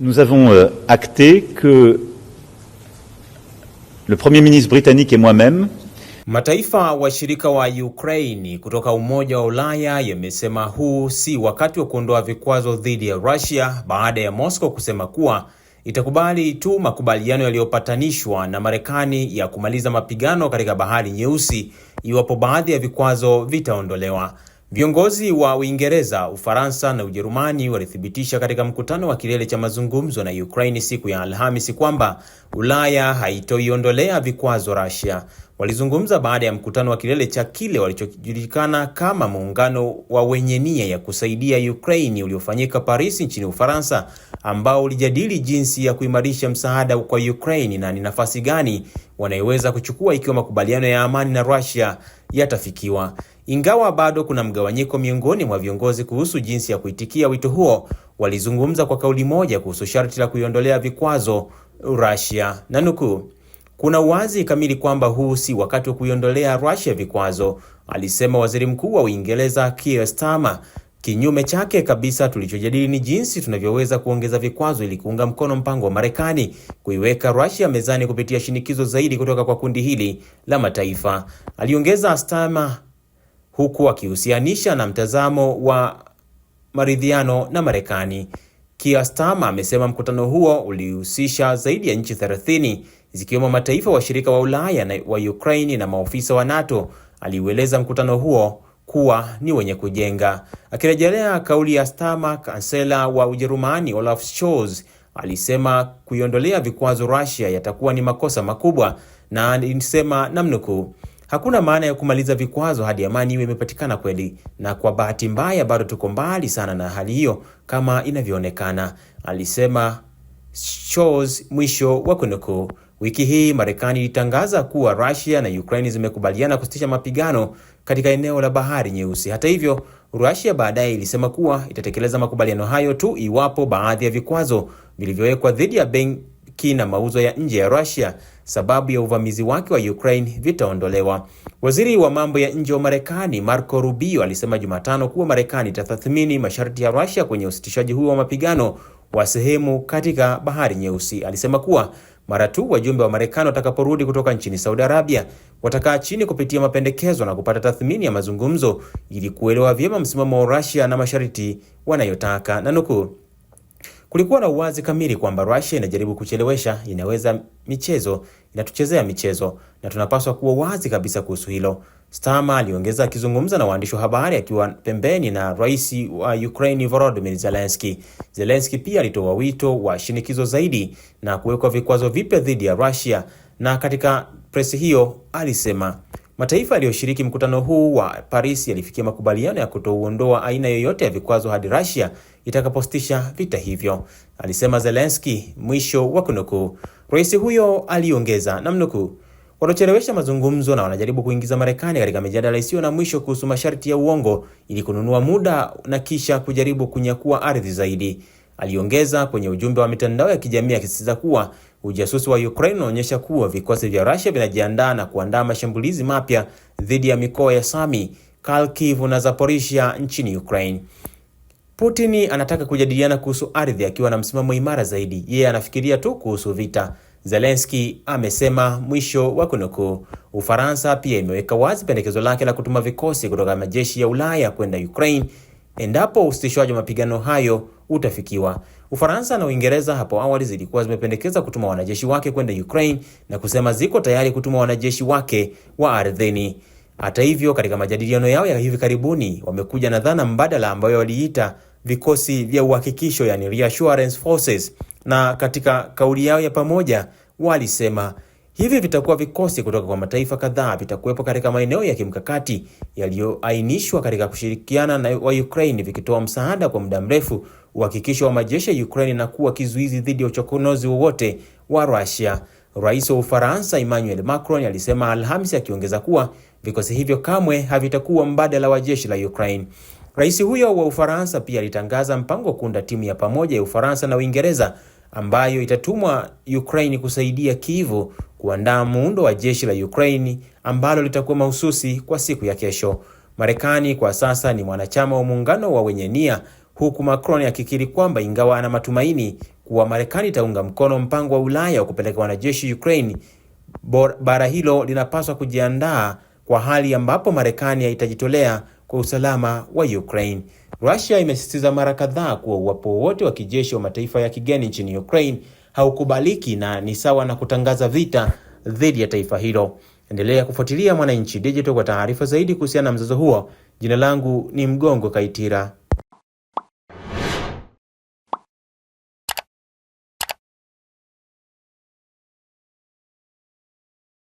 nous avons euh, acté que le Premier ministre britannique et moi-même Mataifa washirika wa Ukraine kutoka Umoja wa Ulaya yamesema huu si wakati wa kuondoa vikwazo dhidi ya Russia baada ya Moscow kusema kuwa itakubali tu makubaliano yaliyopatanishwa na Marekani ya kumaliza mapigano katika Bahari Nyeusi iwapo baadhi ya vikwazo vitaondolewa. Viongozi wa Uingereza, Ufaransa na Ujerumani walithibitisha katika mkutano wa kilele cha mazungumzo na Ukraine siku ya Alhamisi kwamba Ulaya haitoiondolea vikwazo Russia. Walizungumza baada ya mkutano wa kilele cha kile walichojulikana kama muungano wa wenye nia ya kusaidia Ukraine uliofanyika Paris nchini Ufaransa, ambao ulijadili jinsi ya kuimarisha msaada kwa Ukraine na ni nafasi gani wanayoweza kuchukua ikiwa makubaliano ya amani na Russia yatafikiwa. Ingawa bado kuna mgawanyiko miongoni mwa viongozi kuhusu jinsi ya kuitikia wito huo, walizungumza kwa kauli moja kuhusu sharti la kuiondolea vikwazo Russia na nukuu kuna uwazi kamili kwamba huu si wakati wa kuiondolea Russia vikwazo, alisema Waziri Mkuu wa Uingereza Keir Starmer. Kinyume chake kabisa, tulichojadili ni jinsi tunavyoweza kuongeza vikwazo ili kuunga mkono mpango wa Marekani kuiweka Russia mezani kupitia shinikizo zaidi kutoka kwa kundi hili la mataifa, aliongeza Starmer, huku akihusianisha na mtazamo wa maridhiano na Marekani. Keir Starmer amesema mkutano huo ulihusisha zaidi ya nchi 30 zikiwemo mataifa washirika wa Ulaya na wa Ukraine na maofisa wa NATO. Aliueleza mkutano huo kuwa ni wenye kujenga. Akirejelea kauli ya Starmer, kansela wa Ujerumani Olaf Scholz alisema kuiondolea vikwazo Russia yatakuwa ni makosa makubwa, na alisema namnukuu Hakuna maana ya kumaliza vikwazo hadi amani iwe imepatikana kweli, na kwa bahati mbaya bado tuko mbali sana na hali hiyo kama inavyoonekana, alisema Scholz, mwisho wa kunukuu. Wiki hii Marekani ilitangaza kuwa Russia na Ukraine zimekubaliana kusitisha mapigano katika eneo la Bahari Nyeusi. Hata hivyo, Russia baadaye ilisema kuwa itatekeleza makubaliano hayo tu iwapo baadhi ya vikwazo vilivyowekwa dhidi ya kina mauzo ya nje ya Russia sababu ya uvamizi wake wa Ukraine vitaondolewa. Waziri wa mambo ya nje wa Marekani Marco Rubio alisema Jumatano kuwa Marekani itatathmini masharti ya Russia kwenye usitishaji huo wa mapigano wa sehemu katika Bahari Nyeusi. Alisema kuwa mara tu wajumbe wa Marekani watakaporudi kutoka nchini Saudi Arabia watakaa chini kupitia mapendekezo na kupata tathmini ya mazungumzo ili kuelewa vyema msimamo wa Russia na masharti wanayotaka na nukuu Kulikuwa na uwazi kamili kwamba Russia inajaribu kuchelewesha, inaweza michezo, inatuchezea michezo na tunapaswa kuwa wazi kabisa kuhusu hilo, Starmer aliongeza akizungumza na waandishi wa habari akiwa pembeni na rais wa Ukraini Volodymyr Zelensky. Zelensky pia alitoa wito wa shinikizo zaidi na kuwekwa vikwazo vipya dhidi ya Russia, na katika presi hiyo alisema Mataifa yaliyoshiriki mkutano huu wa Paris yalifikia makubaliano ya kutouondoa aina yoyote ya vikwazo hadi Russia itakapositisha vita hivyo, alisema Zelensky, mwisho wa kunukuu. Rais huyo aliongeza namnukuu, wanachelewesha mazungumzo na wanajaribu kuingiza Marekani katika mijadala isiyo na mwisho kuhusu masharti ya uongo ili kununua muda na kisha kujaribu kunyakua ardhi zaidi. Aliongeza kwenye ujumbe wa mitandao ya kijamii akisisitiza kuwa ujasusi wa Ukraine unaonyesha kuwa vikosi vya Russia vinajiandaa na kuandaa mashambulizi mapya dhidi ya mikoa ya Sami, Kharkiv na Zaporizhia nchini Ukraine. Putin anataka kujadiliana kuhusu ardhi akiwa na msimamo imara zaidi. Yeye anafikiria tu kuhusu vita, Zelensky amesema, mwisho wa kunukuu. Ufaransa pia imeweka wazi pendekezo lake la kutuma vikosi kutoka majeshi ya Ulaya kwenda Ukraine endapo usitishwaji wa mapigano hayo utafikiwa. Ufaransa na Uingereza hapo awali zilikuwa zimependekeza kutuma wanajeshi wake kwenda Ukraine na kusema ziko tayari kutuma wanajeshi wake wa ardhini. Hata hivyo, katika majadiliano yao ya hivi karibuni wamekuja na dhana mbadala ambayo waliita vikosi vya uhakikisho, yani reassurance forces, na katika kauli yao ya pamoja walisema Hivi vitakuwa vikosi kutoka kwa mataifa kadhaa vitakuwepo katika maeneo ya kimkakati yaliyoainishwa katika kushirikiana na wa Ukraine vikitoa msaada kwa muda mrefu, uhakikisho wa majeshi ya Ukraine na kuwa kizuizi dhidi ya uchokonozi wowote wa Russia. Rais wa Ufaransa Emmanuel Macron alisema Alhamisi, akiongeza kuwa vikosi hivyo kamwe havitakuwa mbadala wa jeshi la Ukraine. Rais huyo wa Ufaransa pia alitangaza mpango wa kuunda timu ya pamoja ya Ufaransa na Uingereza ambayo itatumwa Ukraine kusaidia kivu kuandaa muundo wa jeshi la Ukraine ambalo litakuwa mahususi kwa siku ya kesho. Marekani kwa sasa ni mwanachama wa muungano wa wenye nia, huku Macron akikiri kwamba ingawa ana matumaini kuwa Marekani itaunga mkono mpango wa Ulaya wa kupeleka wanajeshi Ukraine, bara hilo linapaswa kujiandaa kwa hali ambapo Marekani haitajitolea kwa usalama wa Ukraine. Russia imesisitiza mara kadhaa kuwa uwapo wowote wa kijeshi wa mataifa ya kigeni nchini Ukraine haukubaliki na ni sawa na kutangaza vita dhidi ya taifa hilo. Endelea kufuatilia Mwananchi Digital kwa taarifa zaidi kuhusiana na mzozo huo. Jina langu ni Mgongo Kaitira.